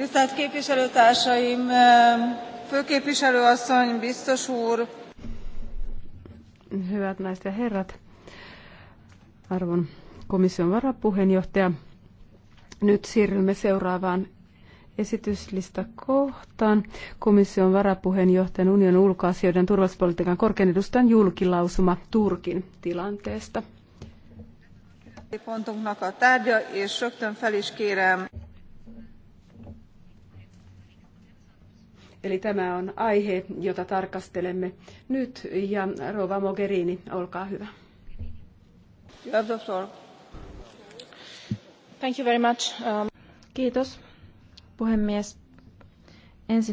Tisztelt képviselőtársaim, főképviselő asszony, biztos úr. Hyvät naiset ja herrat, arvon komission varapuheenjohtaja. Nyt siirrymme seuraavaan esityslista kohtaan. Komission varapuheenjohtajan unionin ulkoasioiden turvallisuuspolitiikan korkean edustajan julkilausuma Turkin tilanteesta. Pontunknak a tárgya, és rögtön fel is kérem Eli tämä on aihe, jota tarkastelemme nyt. Ja Rova Mogherini, olkaa hyvä. Thank you very much. Um, Kiitos, puhemies. Ensin